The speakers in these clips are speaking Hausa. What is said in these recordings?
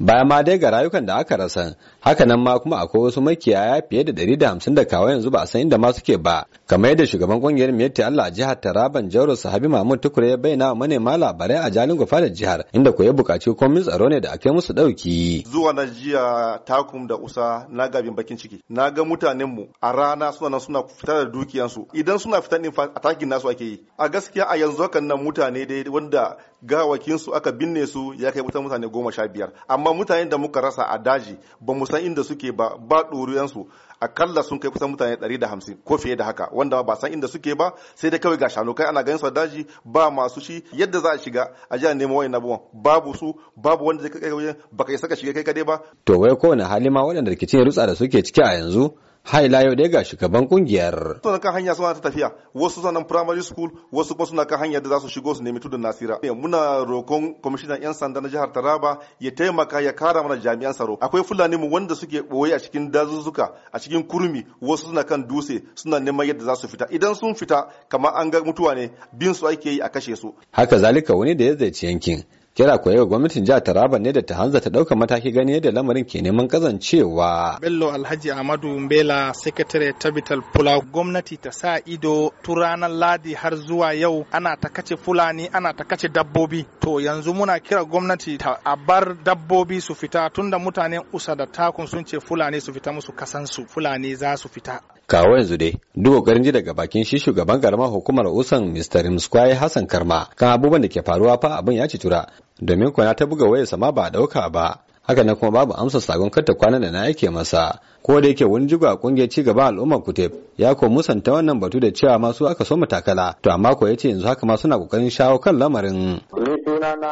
baya ma dai ga rayukan da aka rasa hakanan ma kuma akwai wasu makiyaya fiye da ɗari da hamsin da kawo yanzu ba a san inda ma suke ba kamar yadda shugaban kungiyar miyatti Allah a jihar Taraban Jauro Sahabi Mahmud Tukure ya bayyana wa manema labarai a Jalin Gofa da jihar inda ko ya buƙaci komin tsaro ne da a kai musu ɗauki. Zuwa na jiya takum da usa na gabin bakin ciki na ga mutanen mu a rana suna nan suna fitar da dukiyansu idan suna fitar din a takin nasu ake yi a gaskiya a yanzu hakan nan mutane dai wanda gawakin su aka binne su ya kai wutan mutane goma sha biyar amma mutanen da muka rasa a daji ba mu san inda suke ba ba ɗoriyan su akalla sun kai kusan mutane ɗari da hamsin ko fiye da haka wanda ba san inda suke ba sai dai kawai ga kai ana ganin su a daji ba masu shi yadda za a shiga a ji a nemo wani nabuwa babu su babu wanda zai kai wajen baka isa ka shiga kai kadai ba. to wai kowane hali ma waɗanda rikicin ya rutsa da suke ciki a yanzu har yau dai ga shugaban kungiyar. Suna kan hanya suna ta tafiya wasu nan primary school wasu kuma suna kan hanya da za su shigo su nemi tudun nasira. Eh, muna roƙon kwamishinan 'yan sanda na jihar Taraba ya taimaka ya kara mana jami'an tsaro. Akwai Fulani mu wanda suke ɓoye a cikin dazuzzuka a cikin kurmi wasu suna kan dutse suna neman yadda za su fita. Idan sun fita kamar an ga mutuwa ne bin su ake yi a kashe su. Haka zalika wani da ya zaici yankin kira koyi ga gwamnatin jihar Taraba ne da ta hanza ta ɗauka mataki gani yadda lamarin ke neman kazancewa. Bello Alhaji Ahmadu Mbela Secretary Tabital Fula gwamnati ta sa ido tu ranar Ladi har zuwa yau ana ta kace Fulani ana ta kace dabbobi to yanzu muna kira gwamnati ta a bar dabbobi su fita tunda mutanen Usa da Takun sun ce Fulani su fita musu kasansu Fulani za su fita. kawo yanzu dai duk kokarin ji daga bakin shi shugaban garma hukumar usan mr rimskwaye hassan karma kan abubuwan da ke faruwa fa abin ya ci tura domin kwana ta buga wayarsa sama ba a dauka ba haka na kuma babu amsa sakon karta kwana da na yake masa ko da yake wani jigo kungiyar ci gaban al'ummar kutep ya ko musanta wannan batu da cewa masu aka so matakala to amma ko ce yanzu haka ma suna kokarin shawo kan lamarin ni sunana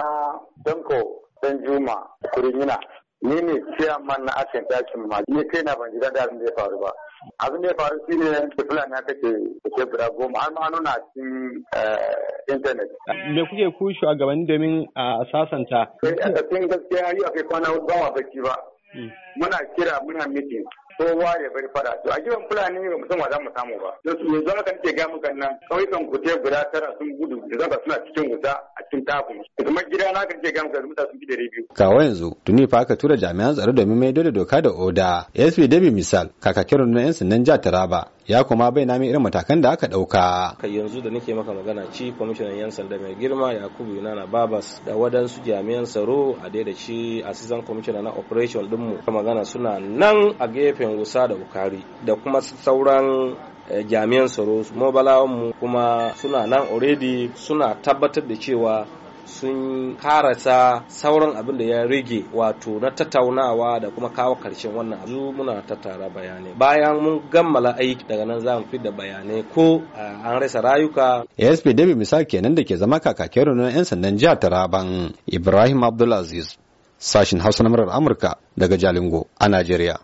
danko dan juma ni ne chairman na ashen dakin ma ni kai na ban ji da abin da ya faru ba abin da ya faru shi ne fulani ya take ke bira goma har ma nuna cikin eh, internet me kuke ku shugabanni domin a sasanta eh, a cikin gaskiya yi yau kai kwana ba wa baki ba hmm. muna kira muna meeting kowa ya bari fara. to a gidan fulani ba musamman za mu samu ba don su yanzu haka nake ga kan nan kauyukan kute guda tara sun gudu da zaka suna cikin wuta tun tafi hafu kuma gida na kan ce gamsa da sun fi biyu. kawo yanzu tuni fa aka tura jami'an tsaro domin maido da doka da oda sp dabi misal kakakin rundunar 'yan sandan jihar taraba ya kuma bai nami irin matakan da aka ɗauka. kai yanzu da nake maka magana ci kwamishinan yan sanda mai girma yakubu yunana babas da wadansu jami'an tsaro a da shi assistant commissioner na operation dinmu magana suna nan a gefen wusa da ukari da kuma sauran eh, jami'an tsaro mobalawan mu kuma suna nan already suna tabbatar da cewa sun karasa sauran abin da ya rage wato na tattaunawa da kuma kawo karshen wannan abu muna tattara bayanai bayan mun gammala aiki daga nan za mu da bayanai ko an rasa rayuka asp david misal kenan da ke zama kakakin rundunar 'yan sandan jihar taraban ibrahim abdulaziz sashin hausa na murar amurka daga jalingo a najeriya